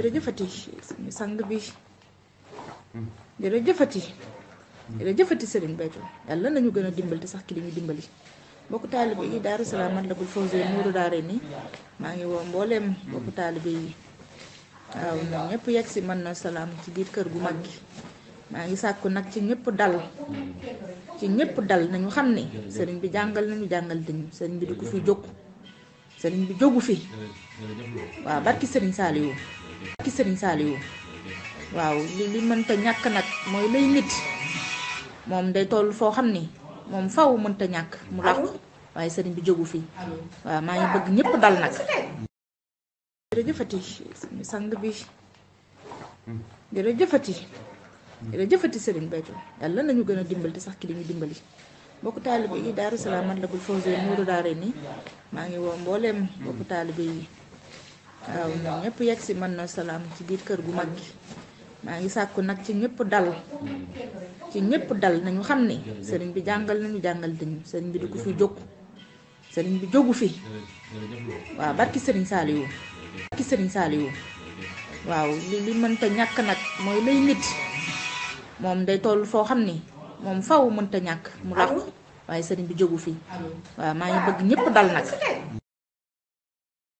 jërëjëfati suñu sang bi hmm. jërëjëfati jërëjëfati Serigne Béthio yàlla nañu gën a dimbali te sax ki li ñu dimbali mbokku taalibe yi Daaru Salaam Matlabul Fawzeyni nuuru daare ni maa ngi woo mbooleem mbokku taalibe yi waaw na ñëpp yegg si mën na salaam ci biir kër gu mag gi maa ngi sàkku nag ci ñëpp dal ci ñëpp dal nañu xam ne sëriñ bi jàngal nañu jàngal dañu sëriñ bi du ko fi jóg sëriñ bi jógu fi waaw barki sëriñ Saliou ki sëriñ Saliou waaw li li mënta ñàkk nag mooy lay nit moom day toll foo xam ni moom faw mënta ñàkk mu làqu waaye sëriñ bi jógu fi waaw maa ngi bëgg ñëpp dal nag jërëjëfati suñu sang bi jërëjëfati jërëjëfati sëriñ Béthio yàlla nañu gën a dimbali te sax ki dañu dimbali bokku taalibe yi Daaru Salaam Matlabul Fawzayni Nuuru ni maa ngi woo mbooleem bokku taalibe yi waaw euh, ñoom ñëpp yegg man na salaam ci biir kër gu mag gi maa ngi sàkku nag ci ñëpp dal ci ñëpp dal nañu xam ni sëriñ bi jàngal nañu jàngal dañu sëriñ bi du ko fi jóg sëriñ bi jógu fi waaw barki sëriñ Saliou waaw li li mënta ñàkk nag mooy lay nit moom day toll foo xam ni moom faw mënta ñàkk mu làqu waaye sëriñ bi jógu fi waaw maa ngi bëgg ñëpp dal nag